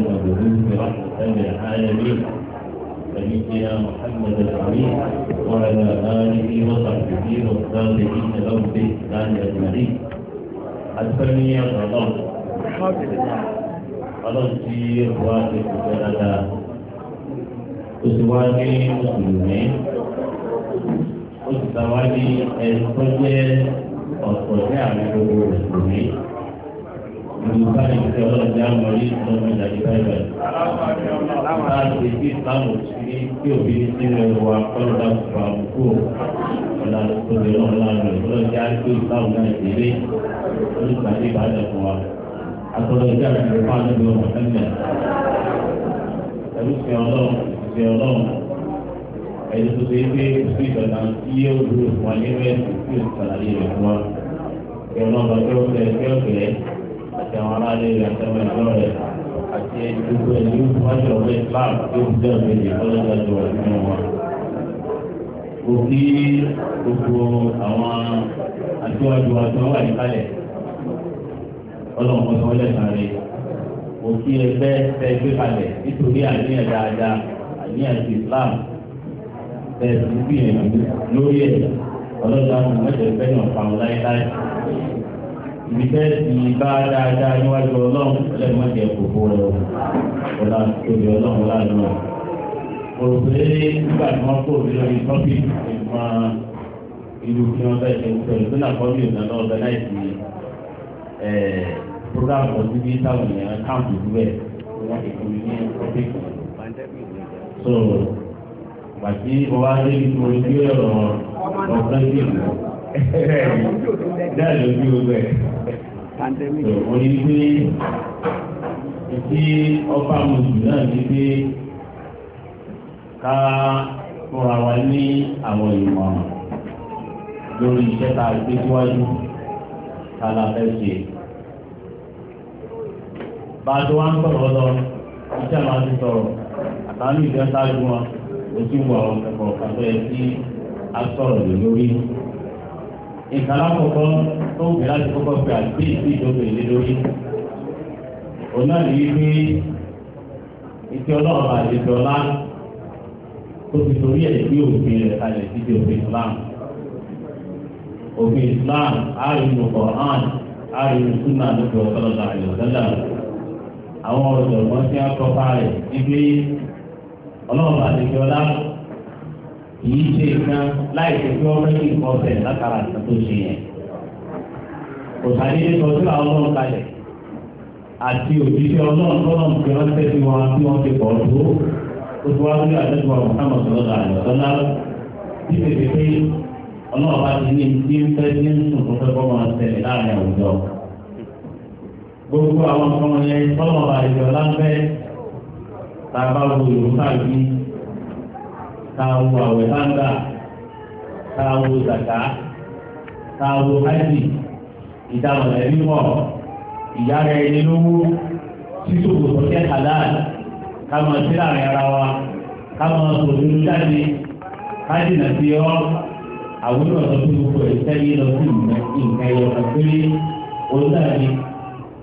وسلم بذكر رحمة العالمين سيدنا محمد العميد وعلى آله وصحبه والتابعين له بإحسان أجمعين الثانية غلط غلط في إخواتي الكندا أسواني مسلمين أسواني الكندا ọ̀pọ̀ ní àwọn gbogbo mùsùlùmí olùkọ́ àti ọlọ́run já mọ̀ ní ọlọ́run ìdàgbé báyìí. láti fi ìsìlámù sí kí òbí ní sínú ẹ̀wà kọ́lù dàgbà àbùkù ọ̀la tó lè rán ọ̀la rẹ̀ ọlọ́run já kí ìsìlámù náà délé olùpàdé ìbàdàn fún wa. àtọ́lọ́ ìjà rẹ̀ ló fà níbi ọmọ ẹ̀mẹ̀. ẹ̀rú fi ọlọ́run fi ọlọ́run ẹ̀yẹ tó ṣe é pé kò sí ìdọ̀tà tí àti àwọn aráàlú rẹ̀ àtẹ̀wé ẹ̀jọ́ rẹ̀ àti gbogbo ẹni wájú ọ̀rẹ́ islam tó ń bẹ̀rù méjì lọ́dọ̀dọ̀ wà nínú wọn. kò sí gbogbo àwọn àtiwájú wa tí wọ́n wà níkàlẹ̀ ọlọ́run kan tó wọlé sáré kò sí ẹgbẹ́ tẹ gbé kalẹ̀ nítorí àníyàn dáadáa àníyàn ti islam tẹ̀ sí gbìyànjú lórí ẹ̀ ọlọ́dọ̀ àwọn mẹ́tẹ̀ẹ́fẹ́ náà pa wọn láéláé ibi tẹ́ ti bá dáadáa níwájú ọlọ́run ọlọ́run má jẹ́ kókó rẹ̀ ọ̀la tóbi ọlọ́run ọ̀la lọ. òròpé nígbà tí wọ́n kó òbí lórí tọ́pì ìgbà ìlú kí wọ́n bẹ́ẹ̀ ṣe pẹ̀lú pé nàkọ́ mi ò ná lọ ọ̀gá láì sí ẹ̀ program ọdún bíi táwọn èèyàn káàpù ìdúbẹ̀ wọ́n ti fún mi ní tọ́pì. so pàtí mo wá dé ibi tí mo gbé ọ̀rọ̀ ọ̀gbẹ́ náà ló bí o bẹ̀. Mo ní pé ìdí ọba mùsùlùmí náà ní pé ká fúnra wa ní àwọn ìmọ̀ràn lórí iṣẹ́ tá a gbé síwájú tá a la fẹ́ ṣe. Bá a tó wá ń sọ̀rọ̀ lọ, iṣẹ́ máa ti sọ̀rọ̀ àtàwọn ìjọ ṣáájú wọn, ojú wa ọ̀sẹ̀ kọ̀ọ̀kan tó yẹ kí a sọ̀rọ̀ lórí ìkàlà kọ̀kọ́ tó bẹ̀rẹ̀ láti kọ́kọ́ fi àgbé ìgbé ìjọba ìlé lórí. òun náà lè gbé iṣẹ́ ọlọ́run àlejò ọlá tó fi torí ẹ̀ gbé òfin rẹ̀ kalẹ̀ síbi òfin Islam. òfin Islam àrùn Qur'an àrùn súnà lókè ọ̀sọ́lọ́dà àlùsọ́lá. àwọn ọ̀dọ́ wọn ti ń kọ́ fáre ibi ọlọ́run àlejò ọlá kìí ṣe nǹkan láì ṣe kí wọ́n fẹ́ kí nǹkan ọ̀sẹ̀ látara nǹkan tó ṣe yẹn. òṣàlẹ́ sọ sí àwọn ọlọ́run kalẹ̀ àti òjíṣẹ́ ọlọ́run tọ́lọ̀ fi wọ́n tẹ́ sí wọn bí wọ́n ti pọ̀ tó ó ti wá lórí àtẹ́síwọ̀n mọ̀tàmọ̀ sọ̀rọ̀ àlọ́sọ́lá bí pèpè pé ọlọ́run bá ti ní ní ń fẹ́ ní sùn tó fẹ́ bọ́ máa tẹ̀lé láàrin àwùjọ. gbogbo àwọn ọmọ yẹn tọ́lọ̀ àìjọ láńfẹ́ tá wo ìrúkà yìí káwo àwẹ̀ báńgà káwo zàkà káwo hajj ìdáhùn ẹ̀rí wọ̀ ìyá rẹ̀ ní lówó títò gbogbo tẹ́ halal káwọn sí láàrin ara wa káwọn sòdúró jáde hajj nà sí ọ àwọn ọ̀dọ́ tó gbogbo ẹ̀ sẹ́yìn lọ sí nǹkan ẹ̀yọ̀ kan péré olùdarí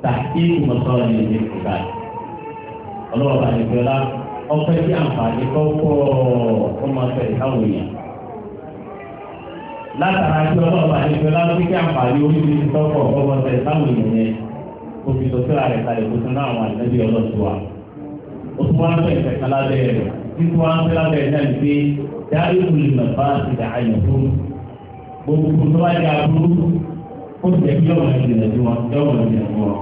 tàkì ìmọ̀sán ní ìdíje ọlọ́wọ́ bá ní fi ọlá ọpẹ́ tí àǹfààní tó pọ̀ ọmọ ọ̀sẹ̀ ìkáwọn èèyàn. látara tí ọlọ́ọ̀bà ní fi ọlá kí àǹfààní oríṣiríṣi tó pọ̀ ọmọ ọ̀sẹ̀ ìkáwọn èèyàn yẹn kò fi sọ́síra rẹ̀ kalẹ̀ kó náà wà níbi ọlọ́ọ̀tùwà. ó tún wá ń fẹ́ ìfẹ́ kalá títí wá ń fẹ́ lábẹ́rẹ́ náà ní pé dárí olùmọ̀ bá ti dà fún gbogbo tó wá yà burú ó jẹ́ kí ọmọ ìdìbò wọn yọ̀wọ̀ ìdìbò wọn.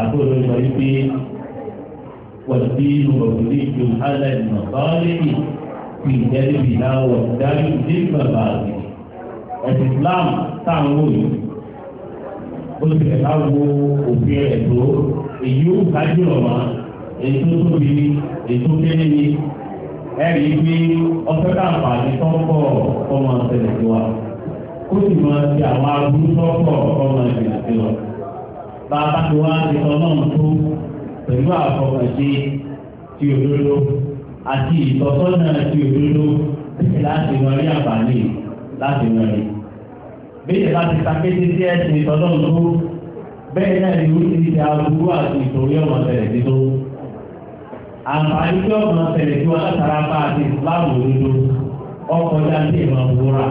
àbúrò ló sọ yìí والدين مبني على المصالح في جلبها والدفع للمبادئ الإسلام تعمل ó ti ẹ̀ka wo òfin ẹ̀tọ́ èyí ó kájú ọ̀mà ètò tóbi ni ètò kéré ni ẹ̀rí pé ọ̀fẹ́ káàpàdé tọ́pọ̀ ọmọ ọ̀sẹ̀lẹ̀ tó wa ó sì máa ti àwọn aburú tọ́pọ̀ ọmọ ìgbìyànjú lọ bá a bá ti wá ti sọ náà tó pẹ̀lú àfọkànṣe ti òdodo àti ìtọ́sọ́nà ti òdodo láti wọn rí àǹfààní láti wọn rí. bẹ́ẹ̀ bá ti sàkété sí ẹ̀sìn ìtọ́lọ́gbó bẹ́ẹ̀ náà ni wọ́n ti ṣe aburú àti ìtòrí ọ̀nà tẹ̀lẹ̀ tí tó. àǹfààní tí ọ̀nà tẹ̀lẹ̀ tí wọn látara bá àti ìsìláàmù òdodo ọkọ̀ jáde ìmọ̀ òwúrà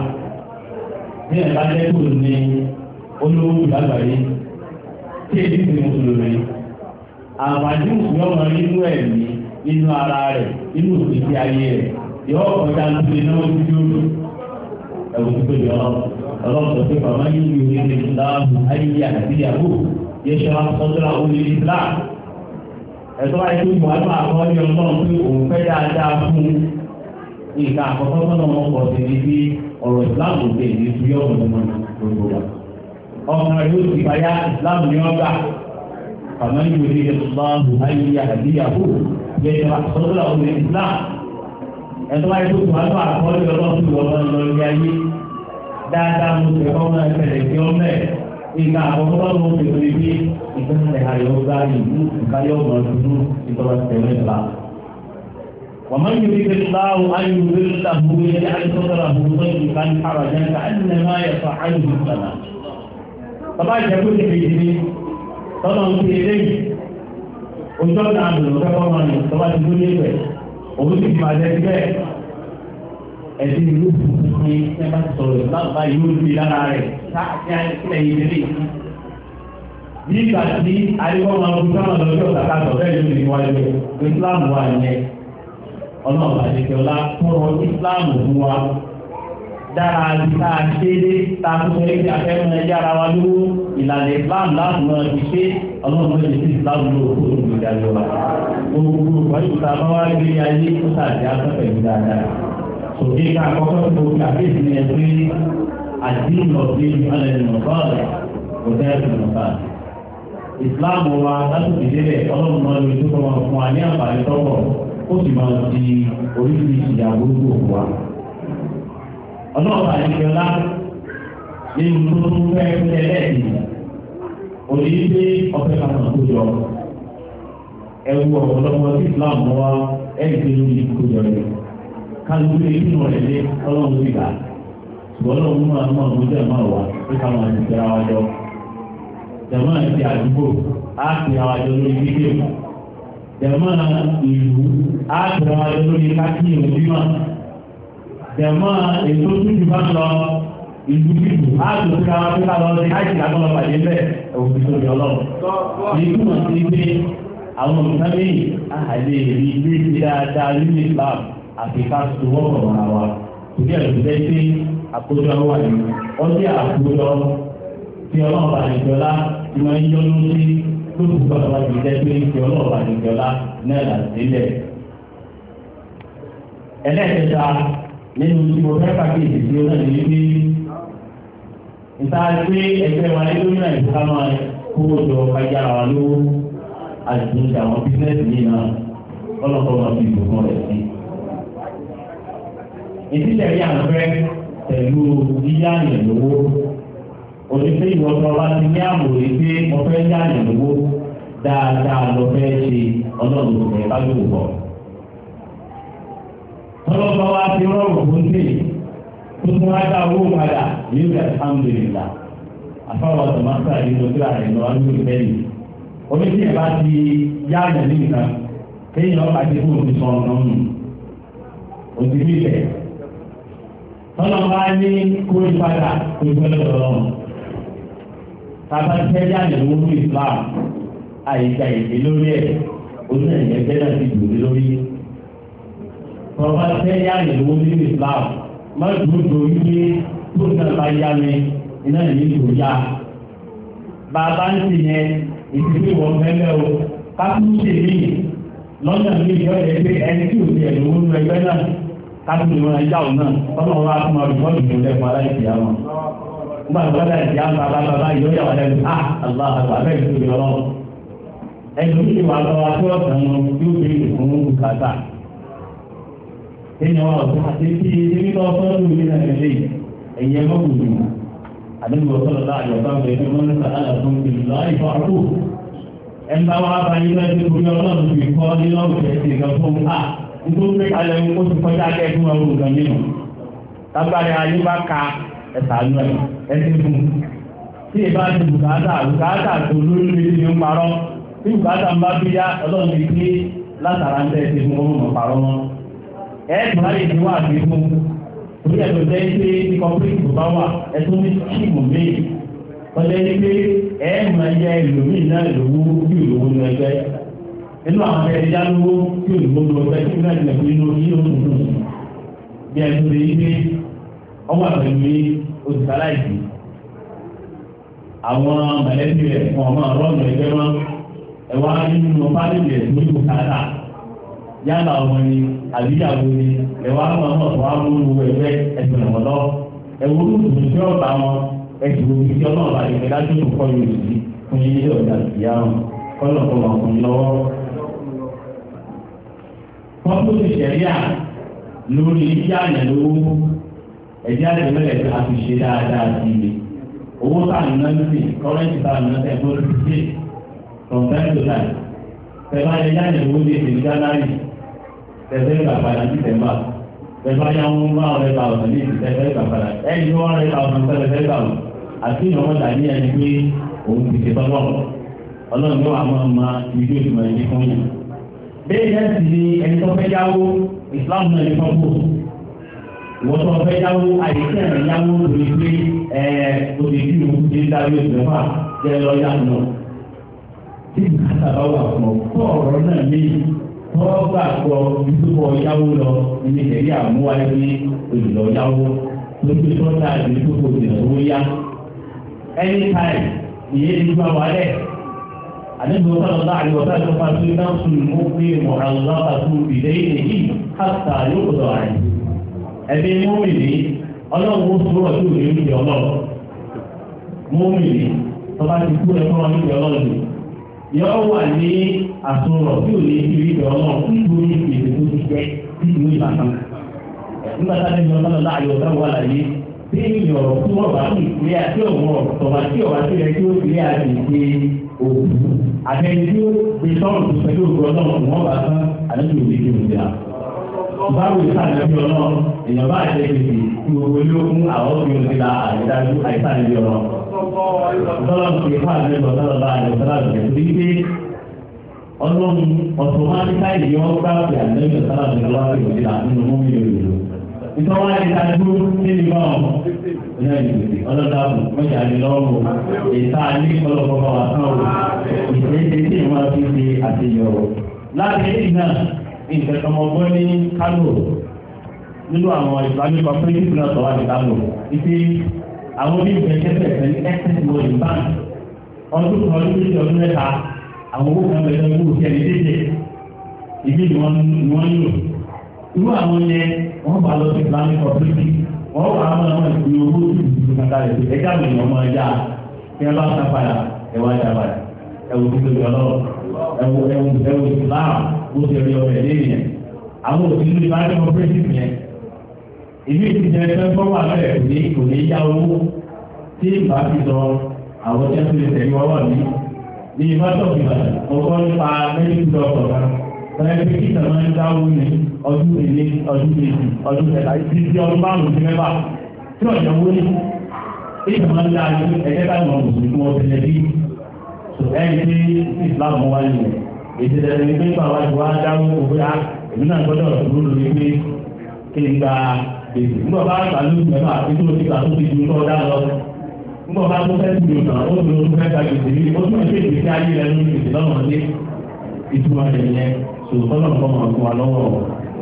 ní ẹ̀ka jẹ́ kúrò ní olówó ìdágbàyé tí èdè ti mùsùlùmí. àǹfààní òfin ọmọ ẹ̀mí nínú ara rẹ̀ nínú òfìsí ayé rẹ̀ yọ ọ̀kọ̀já lóde náà ó dúró lò ẹ̀wọ̀n tó tóbi ọlọ́run tó tóbi yìí ní orí ẹni láàbù ayé àti ìyàwó yẹ wá sọ́dọ́là orí Islam ẹ̀tọ́ wáyé tó mọ̀ ẹ̀tọ́ àkọ́ ní ọlọ́run pé òun fẹ́ dáadáa fún àkọ́kọ́ pọ̀ sí ní kàmá yìí rí ẹ̀sùláàbù ayé àdíyàwó yẹ ẹ̀ sọ́dọ̀ ọ̀hún islam ẹ̀tọ́ wáyé tó tún àtọ́ àkọọ́lẹ̀ ọlọ́run ìwọ̀n lọ́rí ayé dáadáa mo tẹ̀ ọ́ máa tẹ̀lé sí ọ́ mẹ́ ìgbà àkọ́kọ́ mo tẹ̀ lórí bí ìgbésẹ̀ ayọ̀ gbá ìlú ìkáyọ̀ ọ̀nà ìlú ìtọ́wọ́ tẹ̀lé ìlà. ومن يريد الله أن يضله ويجعل صدره ضيقا حرجا كأنما يصعد في السماء. طبعا يقول tọ́lọ̀ ń ṣe eléyìí ojú ọ̀nà àdùnnú fẹ́fọ́ máa nù tó bá ti dúró ní ìwẹ̀ òun sì máa jẹ́ síbẹ̀ ẹ̀sìn ìlú tuntun ní ẹ̀bá ti sọ̀rọ̀ ìgbàgbà yóò di lára rẹ̀ sáà bí ìgbà tí ayéwọ́ máa ń gbọ́n lọ́jọ́ kàkàtọ̀ bẹ́ẹ̀ ló ní wáyé Islam wà yẹn ọlọ́ọ̀bà àdìgbọ́lá tó rọ Islam fún wa dára àdìsá àṣẹ́dé ta kúkọ ẹgbẹ́ afẹ́mọ́ ẹjẹ́ ara wa lówó ìlànà Islam láàmú ti ṣe ọlọ́run ló ti Islam ló kó lórí ìdájọ́ wa gbogbo ìwádìí ìta bá wá rí ayé tó tàbí afẹ́fẹ́ ìlú dáadáa òkè ká àkọ́kọ́ tó kàkéèsì ni ẹgbẹ́ àdínú ọ̀gbìn ìmọ̀lẹ̀ nọ̀fọ́ọ̀lẹ̀ kò tẹ́ẹ̀sì nọ̀fọ́ọ̀lẹ̀ Islam wa lásìkò ìdílé ọlọ́run náà ló tó kọ́ wọn fún wa ní àǹfààní tọ́pọ̀ ó sì máa ọlọ́ọ̀bà ìjọlá nínú tó fẹ́ tẹ́lẹ̀ yìí òní pé ọ̀fẹ́ kàtà tó jọ ẹwu ọ̀pọ̀lọpọ̀ sí Islam wa ẹ̀yìn tó lórí ìkójọ rẹ̀ kálukú lè nínú rẹ̀ lé ọlọ́run ìgbà ṣùgbọ́n ọlọ́run máa ń máa mójú ẹ̀ máa wà pé káwọn àti ìjọra wa jọ jàmọ́ àti àdúgbò á ti àwọn àjọ lórí fídíò jàmọ́ ìlú á ti àwọn àjọ lórí kákìyàn bímọ jẹ̀mọ́ èso tuntun bá lọ ìlú bíbù á tó fi ra wọn lọ sí àìsí àgbọ̀lọ̀ pàdé bẹ́ẹ̀ òfin tó yọ lọ. ìlú mọ̀ sí pé àwọn òṣìṣẹ́ méjì àhàlẹ́ èrí ilé ti dáadáa nínú Islam àti ká sọwọ́ ọ̀rọ̀ àwa kò ní ẹ̀rọ ìgbẹ́ pé àkójọ wà ní wọ́n jẹ́ àkójọ tí ọlọ́ọ̀bà nìjọlá tí wọ́n ń yọ lórí lóṣù gbọ́dọ̀ ti jẹ́ pé tí ọlọ́ọ̀bà nìjọlá náà là sílẹ̀. ẹlẹ́ẹ̀kẹta nínú tí mo fẹ́ pàkíyèsí tí ó náà ní wípé ìtajà pé ẹgbẹ́ wa ní gómìnà ìfúnká máa kówó jọ kájà wa lówó àti ìjà àwọn bísíǹsì yìí náà ọlọ́kọ̀ máa fi ìbùkún rẹ̀ sí. ìdílé yà ń fẹ́ pẹ̀lú yíyá yẹn lówó onífẹ́ ìwọ́sọ bá ti ní àmòye pé ọ̀fẹ́ yá yẹn dáadáa lọ́fẹ́ ṣe ọlọ́run ẹ̀ bá yóò bọ̀ ọlọ́pàá wa ti rọrùn fún sí tó tún wá dá owó padà yóò dá alhamdulilá àfáwọn ọ̀tọ̀mọ́sá yìí ló kíra rẹ̀ lọ́wọ́ lórí bẹ́ẹ̀ni omi tí ìbá ti yá àyàn ní nǹkan kéèyàn ọ̀pá ti fún òfin sọ ọ̀nà nù òsì bí ibẹ̀ tọ́lọ́ bá ní kó ìpadà kó ìpẹ́lẹ̀ lọ́wọ́ tàbá tẹ́ yá àyàn lówó Islam àyíká ìdí lórí ẹ̀ oníyàn ìyẹn tẹ́lẹ̀ ti dùn lórí tọ́ba tẹ́ yá ìlú nínú Islam má dùn dùn yé tó náà bá yá mi iná ní ìlú yá. bàbá ń sì yẹn ìdílé wọn fẹ́lẹ́ o kápútì mi lọ́nà mi yọ ẹ̀ pé ẹni tí ò ti ẹ̀ lówó nínú ẹgbẹ́ náà kápútì wọn ẹja òun náà tọ́nà wọn á tún máa rìn bọ́ọ̀lù ìlú ẹ̀kọ́ aláìsí àwọn. nígbà tó bá dà bàbá bàbá yọ yà wà lẹ́nu ah Allah àgbà ẹ̀dùn ìwà lọ́wọ́ ẹ̀dùn ìwà lọ́wọ́ àti ọ̀sán yóò bẹ̀rẹ̀ ẹni ọ̀rọ̀ tó máa ṣe kí ẹni tó ọ̀sán lórí ilé náà lè ẹ̀yẹ mọ́kùnrin àdébí ọ̀sán ọ̀la àyọ̀ká bẹ̀rẹ̀ tó wọ́n ń sà á fún mi láì fọ́ àrùkù ẹni bá wà bá yín lọ́ọ́ tó fi ọlọ́run fi kọ́ nínú ọ̀sẹ̀ ti gan fún a nítorí pé alẹ́ ń kó ti kọjá kẹ́kún ọ̀rùn gan nínú tábàrí ayé bá ka ẹ̀sà lọ ẹ̀sìn fún tí ìbá ti bùkátà bùkátà ẹ̀ẹ́dùn láyé ti wà bí fún orí ẹ̀dùn jẹ́ pé kọ́pírìtì tó bá wà ní míì ọjọ́ pé ẹ̀ẹ́dùn ẹ̀yẹ ìlòmíì náà ní ẹgbẹ́ inú àwọn ẹ̀ẹ́dì ní ọgbẹ́ náà inú bí pé ọmọ àgbẹ̀mí àwọn rẹ̀ fún ọmọ àbíyàwó ni ẹ̀wá máa ń bọ̀ wá lóru ẹgbẹ́ ẹ̀sìn ọ̀dọ́ ẹ̀wọ́ olùdùn tí ó bá wọn ẹ̀sìn omi tí ọlọ́run bá yẹ lájú tó kọ́ yóò sí fún yín ilé ọ̀dà ìyá wọn kọ́lọ̀ kọ́ wọn fún lọ́wọ́. wọ́n tó ti ṣẹ̀ríà lórí iṣẹ́ àyàn lówó ẹ̀jẹ̀ àyàn mẹ́lẹ̀ tí a fi ṣe dáadáa sí i owó táà ń ná sí kọ́rẹ́ǹtì táà ń ná sí ẹ̀kọ́ lórí ṣe from time to time. pẹ̀lú lówó ní èdè tẹ̀sẹ̀ ìgbàpadà ní tẹ̀mbà tẹ̀mbà yà ń bá ọ̀rẹ́ ta ọ̀sán ní ìtẹ̀sẹ̀ ìgbàpadà ẹni tó ọ̀rẹ́ ta ọ̀sán tẹ̀sẹ̀ ìgbàpadà àti ìnáwó dàní ẹni pé òun ti ṣe tọ́lọ́ ọlọ́run yóò àwọn ọmọ ìlú ìgbìmọ̀ ẹni fún yìí. bẹ́ẹ̀ náà sì ni ẹni tó fẹ́ yáwó ìsìláàmù náà ní fọ́nkù ìwọ́n tó fẹ́ yáwó àyíkẹ́ ẹ̀rọ yáwó lórí pé ẹ̀ òdìdí òun ti ń darí òṣèlú fà jẹ́ lọ́ọ́ yá lọ. tí wọ́n gbà gbọ́ ìdúpọ̀ yáwó lọ ilé ìtẹ̀lé àmúwáyé olùlọ yáwó lójú tó ìdúpọ̀ ìdìbò yá. anytime ìyẹn ti gbà wálẹ̀ àdébò sọ̀rọ̀ náà àyọ̀ sọ̀rọ̀ tó fà sí náà mú pé mọ̀rànlá àti ìdè èyí káàkà yóò lọ àyè. ẹbí mọ́mìnì ọlọ́run ó sọ̀rọ̀ tó lè ń jẹ ọlọ́run mọ́mìnì tọ́ba ti kú yọ wà ní àtúnrọ̀ tí ò ní ibi ìdọ̀ ọmọ nígbò ní ìpèsè tó ti jẹ́ nínú ìbátan. nígbà táwọn ènìyàn bá lọ láàyò ọ̀gá wà láyé tí ènìyàn ọ̀rọ̀ tí wọ́n bá ń pè é àti ọ̀wọ́ ọ̀tọ̀wá tí ọ̀wá tí rẹ̀ tí ó pè é àti ìpè òkú. àtẹni tí ó gbé sọ́run tó pẹ̀lú òkú ọlọ́run wọn bá tán àlejò òde kí òde à. báwo ìsàlẹ̀bí ọlọ́run èèyàn bá àjẹ́ gbèsè gbogbo olókun àwọn òbí òde la àìdájú àìsàlẹ̀bí ọlọ́run. Ọlọ́run kò yẹ fún àgbẹ̀ ọ̀dọ́rọ̀ bá àgbẹ̀ ọ̀dọ́rọ̀ àgbẹ̀ torí pé ọlọ́run ọ̀tọ̀mátíkáì yọ gbá pé àgbẹ̀ ọ̀dọ́rọ̀ àgbẹ̀ wá pé òjì là nínú mú mi lòlò. Ìtọ́wá ni ta dúró nínú ìgbà ọ̀hún. Iná ìgbèsè ọlọ́dà bù mọ́jà ní lọ́rùn. Ìta ní ọlọ́kọ̀ bá wà sáwò. Ìṣèṣe tí ìwọ́n fi ṣe àṣeyọrọ. Láti ìgbà ìfẹ̀sọmọgbọ́n ní Kano nínú àwọn ìsìlámì kan pé ìpínlẹ̀ ọ̀tọ̀ wà ní Kano àwọn onígbẹ̀kẹ́sẹ̀ pẹ̀lú excess world bank ọdún kan ọdún méjì ọdún mẹ́ta àwọn owó kan bẹ̀rẹ̀ owó kẹ́lẹ́ dédé ìdí ni wọ́n ń lò irú àwọn yẹn wọ́n bá lọ sí islamic community wọ́n wà á máa wọ́n ìpín owó tuntun kankan rẹ̀ ẹja mi ni ọmọ ẹja tí wọ́n bá ń san padà ẹwà ẹja padà ẹwù tó tóbi ọlọ́rọ̀ ẹwù ẹwù ẹwù islam bó ṣe rí ọmọ ẹ̀ lé ìlú ìtìjẹ ẹgbẹ́ tó wà lẹ́ẹ̀ ní kò ní yá owó tí ìgbà fi sọ àwọn tẹ́ tó lè tẹ̀lé ọwọ́ mi ní ìbátọ̀bì ọkọ̀ nípa mẹ́rin dọ́kọ̀ kan bẹ́ẹ̀ bí kí tẹ̀lé ń dáwó ní ọdún èlé ọdún èjì ọdún ẹ̀ka ti di ọdún márùn-ún sí mẹ́fà tí ọ̀jọ̀ wó ní ìgbà máa ń dá ní ẹgbẹ́ táwọn mùsùlùmí wọn tẹ̀lé bí ẹni tí ìsìlámù wáyé ìṣẹ̀lẹ̀ ní pípa wájú wá dáwó òwe á èmi náà nígbà bá gbà ló ti mẹ́fà àti tó ti gbà tó ti ju tó dá lọ nígbà bá tó fẹ́ ti lò tán ó lò ó fẹ́ gba gbèsè ní ó tún ṣe ìgbésí ayé rẹ lórí gbèsè lọ́wọ́ ní ìtumọ̀ rẹ̀ yẹn sòtọ́ náà kọ́ máa fún wa lọ́wọ́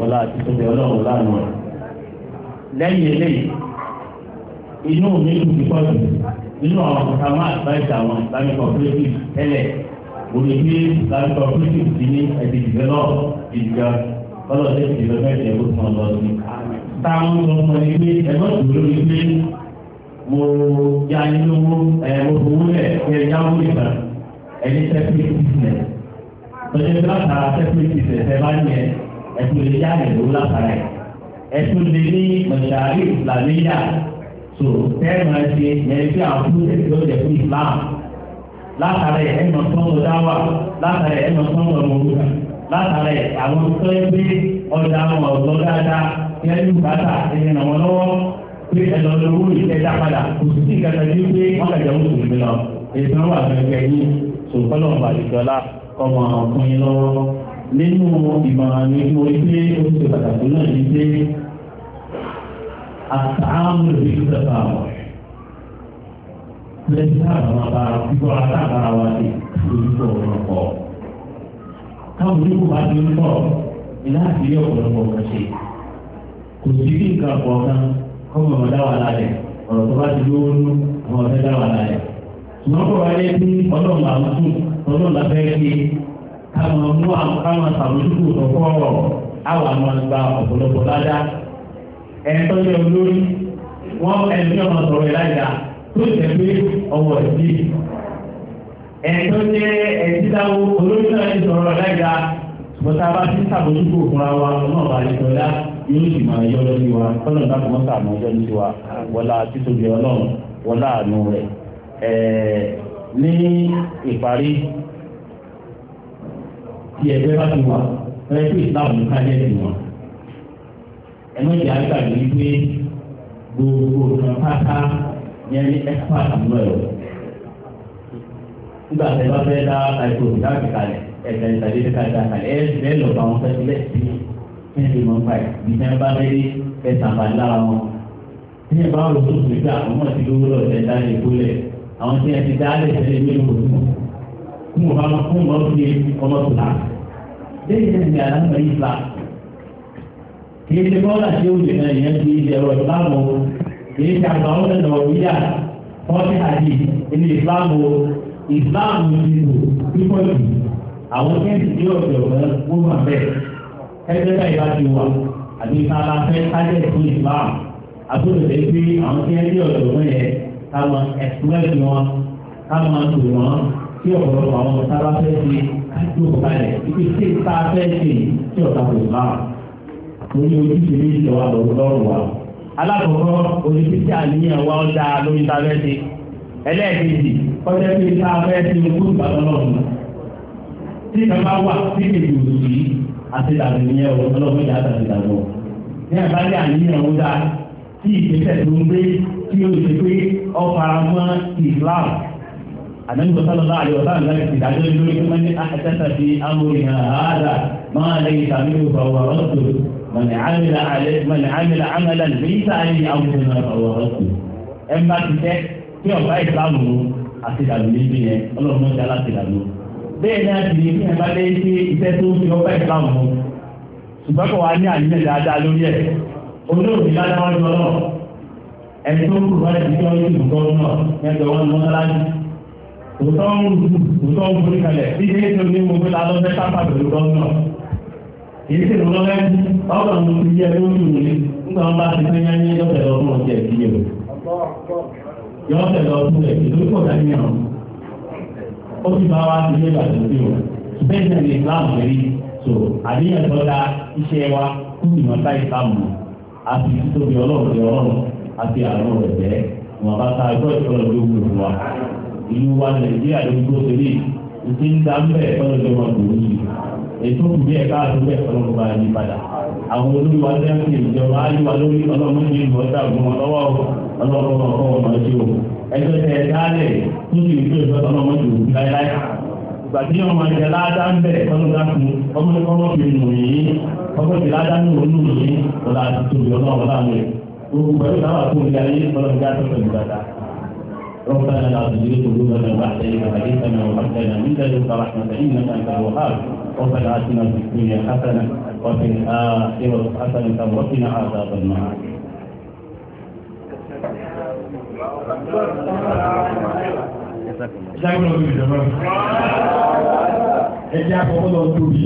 ọ̀la àti sọ́tẹ̀ ọlọ́wọ́ láàánú rẹ̀. lẹ́yìn eléyìí inú mi tún ti pọ̀ jù nínú àwọn kàmá àgbáyé àwọn ìbámi cooperative tẹ́lẹ̀ olùgbé ìbámi cooperative ti ní ẹ̀dì ìdìbẹ́lọ́ ìdìbẹ́ ọlọ́dẹ ìdìbẹ́ mẹ́tẹ̀ẹ́ ó tún ọ táwọn ọmọ ilé ẹ̀gbọ́n ìgbòho ilé mo ya inú ẹ̀wọ̀n lẹ̀ ẹ̀ yáwó ìgbà ẹni separate business tọ́jú ẹgbẹ́ látara separate business ẹ bá yẹ ẹtù lè yá ẹ̀rọ látara ẹ̀ ẹtù lè ní mọ̀ṣárì ìsìlámíyà tó tẹ́ẹ̀mà ṣe yẹn fi àwọn fún ẹ̀sìn ọ̀jẹ̀ fún Islam látara ẹ̀ ẹ̀mọ̀ sọ́mọ dáwà látara ẹ̀ ẹ̀mọ̀ sọ́mọ ọmọ òwúrọ̀ látara ẹ̀ àwọn tó ń gbé ọjà àwọn ọ̀dọ́ dáadáa ìyá yóò bàtà ẹ̀yẹ nà wọn lọ́wọ́ pé ẹ̀dọ̀ lówó ìtẹ́jà padà kò sí sí kàtà yìí pé wọ́n kàjà ó sùn mí lọ èyí tó wà gbẹgbẹ yìí sòkòlò ọ̀bàdìjọ́lá ọmọ ọ̀kùn yín lọ́wọ́ nínú ìmọ̀ràn ní orí pé ó ti pàtàkì náà ní pé àtàwọn olùdókòtà wọn lẹ́yìn táwọn abára kíkọ́ àtàbára wa ti lójúkọ̀ ọ̀pọ̀. káwọn olùkọ́ bá ti ń bọ̀ láti ilé ọ̀pọ̀lọpọ̀ kan ṣe kò sí kí nǹkan kọ̀ọ̀kan kọ́ mọ̀mọ́ dá wàhálà rẹ̀ ọ̀rọ̀ tó bá ti lówó nú àwọn ọ̀fẹ́ dá wàhálà rẹ̀. ṣùgbọ́n kò wáyé sí ọlọ́run àwùjọ ọlọ́run lábẹ́ ṣe káwọn mú àwọn sàmójúkù tọ́kọ́ àwọn àmọ́ gba ọ̀pọ̀lọpọ̀ ládá. ẹ̀ńtọ́ yẹ olórí wọ́n ẹ̀mí ọmọ sọ̀rọ̀ ìlàjà tó jẹ́ pé ọwọ́ ẹ̀dí. ẹ̀ńtọ́ jẹ́ ẹ̀dí dáwó olórí náà ti sọ̀rọ̀ ìlàjà ṣùgbọ́n tá a bá ti sàmójúkù fúnra wa ọlọ́run àlejò yóò sì máa yọ lọ́sí wa kọ́nà láti wọ́n sàmọ́ ọjọ́ ní tiwa wọlá títóbi ọlọ́run wọlá àánú rẹ̀ ní ìparí tí ẹgbẹ́ bá ti wà ẹgbẹ́ tí ìsìláàmù ní kájẹ́tì wọn ẹgbẹ́ àgbàdo wípé gbogbo kan pátá yẹn ní ẹ́fà àmúlò ẹ̀rọ nígbà tí ẹ bá fẹ́ dá àìsàn òdìdá àgbẹ̀kalẹ̀ ẹ̀ka ìtàgé ìtàgé àgbẹ̀kalẹ̀ ẹ̀ẹ́dẹ́gbẹ̀ẹ́ lọ́ba wọn fẹ́ sílẹ̀ sí i ẹni mọ̀ nípa ẹ̀ ìtàn bá bẹ́ẹ̀ ẹ̀sán bá lára wọn. ní ẹ̀ bá wọn lọ́sọ̀ tó gbé àwọn ọmọ ti lówó lọ ẹ̀ dá lè kólẹ̀ àwọn tí ẹ ti dá lẹ̀ tẹ́lẹ̀ ní ìlú kòtò fún ọmọ fún ọmọ tó yẹ ọmọ tó la. lẹ́yìn ẹ̀ ní alámọ̀ yìí fà kì í ṣe bọ́ọ̀lá tí ó lè náà yẹn ti ẹ̀rọ ìbámu kì í ṣe àgbà ọ̀rẹ́ nàìjíríà fọ́ọ̀tì àdì ẹni ìbámu ìbámu ìlú pípọ̀ yìí àwọn tí ó ọ̀dọ̀ ẹgbẹ́ta ìbá ti wà àti sábà fẹ́ kájẹ̀ fún ìgbà àbúròdé pé àwọn tí ẹni ọ̀dọ̀ wọn yẹ káwọn ẹ̀sùnmẹ́sì wọn káwọn tò wọn tí ọ̀pọ̀lọpọ̀ àwọn sábà fẹ́ ṣe kájú kalẹ̀ ibi tí ìta fẹ́ ṣe tí ọ̀tá kò bá lórí ojúṣe méjì lọ́wọ́ lọ́wọ́ lọ́rùn wa. alákọ̀ọ́kọ́ oníṣẹ́ àníyàn wa ó dáa lórí ta fẹ́ ṣe ẹlẹ́ẹ̀kejì kọ́jẹ́ pé ta fẹ́ ṣe kúrò bàtọ́ lọ́rùn. tí ìjọba wà sí èdè òṣèlú àtìdàgbò yẹn o ọlọ́run ìyá àtàtìdàgbò. ní àbájá àníyàn ó dáa tí ìgbésẹ̀ tó ń gbé tí ó ṣe pé ọ fara mọ́ Islam. àdánù sọ́lọ́lá àyọ̀tá ìlànà ìdájọ́ lórí kí wọ́n ní àtẹ́sà fi amòrìyàn àádà máa lẹ́yìn tàbí ìfọwọ́ ọ̀tọ̀ mọ̀nì àmìlà àmàlà lẹ́yìn tàbí amòrìyàn ọ̀wọ̀ ọ̀tọ̀ ẹ̀ ń bá ti tẹ́ kí ọ̀gá ìsìlámù àtìdàgbò yẹn ọlọ́run mọ́ bẹ́ẹ̀ náà sì ní fún ẹ̀bá lẹ́yìn sí iṣẹ́ tó ń fi ọgbà ìsìláàmù mú ṣùgbọ́n kò wá ní àníyàn dáadáa lórí ẹ̀ olóòtú ládàá jọ náà ẹni tó ń kú wá ti jọ ní ìbùkọ́ náà mẹ́jọ wọn mọ́ láti òótọ́ ń rú òótọ́ ń borí kalẹ̀ bí ilé tó ní mo gbéra lọ́fẹ́ sápá pẹ̀lú gọ́ọ̀nà èyí sì lọ́wọ́ ẹ̀ ọ̀rọ̀ mo ti yẹ lórí mi nígbà wọn bá ti fẹ́ yẹn ní yọ́ọ̀tẹ̀ lọ́tún ó sì bá wa ti lé ìbàdàn sí o bẹ́ẹ̀ náà ní islam rí so àdéhùn ìtọ́jà iṣẹ́ wa kú ìmọ̀ta islam mọ̀ àti títóbi ọlọ́run ọlọ́run àti àrùn rẹ̀ bẹ́ẹ̀ wọn bá ta ẹgbẹ́ ìtọ́lọ̀ tó wù wá ìlú wa nàìjíríà ló ń tó torí ìdí ń dá mbẹ́ ìtọ́lọ̀ tó wọn kò ní ètò òbí ẹ̀ káàdó bẹ́ẹ̀ ọlọ́run bá yí padà àwọn olúwa lẹ́yìn ìjọba ayé wa lórí ọlọ́run ní ìmọ̀ta ògùn ọlọ́wọ́ ọlọ́run ọkọ̀ ọmọ ẹ̀ṣẹ́ òkú ẹjọ́ tẹ dálẹ̀ tó sì ń tó ìfẹ́ ọmọ jù láíláí ìgbà tí ọmọ ìjẹ ládá ń bẹ̀rẹ̀ tọ́lú dákun ọmọ ọmọ fi nù yìí ọmọ fi ládá ní òun nù yìí ọ̀la tóbi ọlọ́run láàmú gbogbo pẹ̀lú táwà tó ń yarí ọlọ́run já tó pẹ̀lú dáadáa ربنا لا تزغ قلوبنا بعد إذ هديتنا وهب لنا من لدنك رحمة إنك أنت الوهاب ربنا آتنا في الدنيا حسنة وفي الآخرة حسنة وقنا عذاب النار Ẹjẹ́ àkọ́kọ́ lọ tóbi.